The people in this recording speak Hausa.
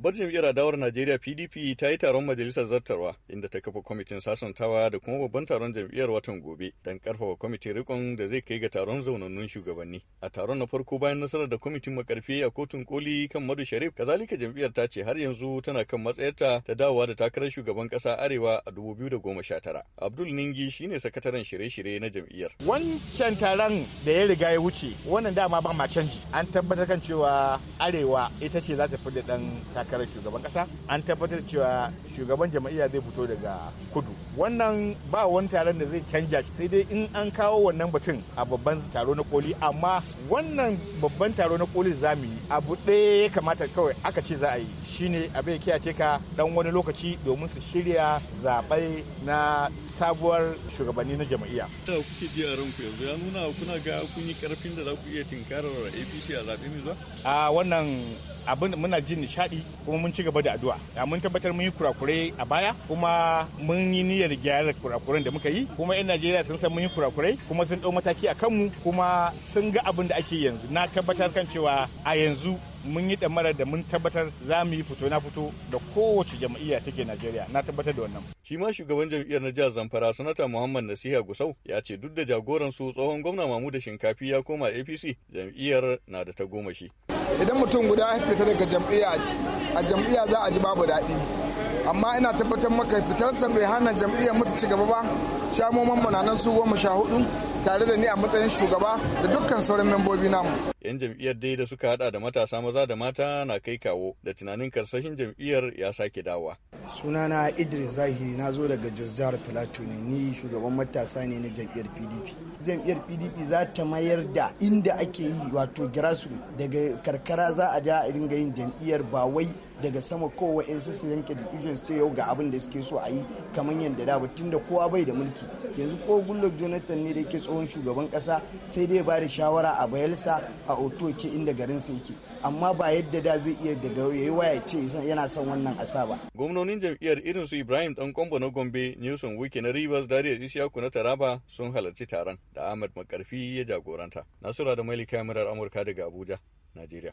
Babbar jam'iyyar adawar Najeriya PDP ta yi taron majalisar zartarwa inda ta kafa kwamitin sasantawa da kuma babban taron jam'iyyar watan gobe don karfafa kwamitin rikon da zai kai ga taron zaunannun shugabanni. A taron na farko bayan nasarar da kwamitin makarfi a kotun koli kan Madu Sharif, kazalika jam'iyyar ta ce har yanzu tana kan matsayarta ta dawowa da takarar shugaban kasa Arewa a dubu biyu da goma sha tara Abdul Ningi shine sakataren shirye-shirye na jam'iyyar. Wancan taron da ya riga ya wuce, wannan dama ba ma canji. An tabbatar kan cewa Arewa ita ce za ta fi da ɗan takarar shugaban kasa an tabbatar cewa shugaban jam'iyya zai fito daga kudu wannan ba wani taron da zai canja sai dai in an kawo wannan batun a babban taro na koli amma wannan babban taro na koli zamu yi abu ɗaya ya kamata kawai aka ce za a yi shine abin ya kiyace ka dan wani lokaci domin su shirya zabai na sabuwar shugabanni na jam'iyya. Ta kuke ji a ranku yanzu ya nuna kuna ga kun yi karfin da za ku iya tinkarar APC a zaɓe mai zuwa? A wannan abin muna jin nishaɗi kuma mun ci gaba da addu'a. Ya mun tabbatar mun yi kurakurai a baya kuma mun yi niyyar gyara kurakuren da muka yi kuma 'yan Najeriya sun san mun yi kurakurai kuma sun ɗau mataki a kanmu kuma sun ga abin da ake yanzu na tabbatar kan cewa a yanzu mun yi damarar da mun tabbatar za mu yi fito na fito da kowace jam'iyya take Najeriya na tabbatar da wannan. Shi ma shugaban jam'iyyar na jihar Zamfara sanata Muhammad Nasiha Gusau ya ce duk da jagoransu tsohon gwamna da Shinkafi ya koma APC jam'iyyar na da ta goma shi. idan mutum guda ya fita daga jam'iyya a jam'iyya za a ji babu daɗi amma ina tabbatar maka fitarsa bai hana jam'iyyar mu ci gaba ba shamoman mu nan su goma sha hudu tare da ni a matsayin shugaba da dukkan sauran membobi namu. Yan jam'iyyar dai da suka hada da matasa maza da mata na kai kawo da tunanin karsashin jam'iyyar ya sake dawa. sunana idris zahiri na zo daga jos jihar plateau ne ni shugaban matasa ne na jam'iyyar pdp jam'iyyar pdp za ta mayar da inda ake yi wato grassroots daga karkara za a da a dinga yin jam'iyyar ba wai daga sama kowa yan su yanke decision su yau ga abin da suke so a yi kamar yadda da tun da kowa bai da mulki yanzu ko gullok jonathan ne da yake tsohon shugaban kasa sai dai ba da shawara a bayelsa a otoke inda garin sa yake amma ba yadda da zai iya daga yayi waya ce yana son wannan asa ba gwamnonin jam'iyyar irin su Ibrahim Dan Kwambo na Gombe, Nelson Wike na Rivers, Dariya Isiyaku na Taraba sun halarci taron da Ahmad Makarfi ya jagoranta. Nasura da Malika kamarar Amurka daga Abuja, Najeriya.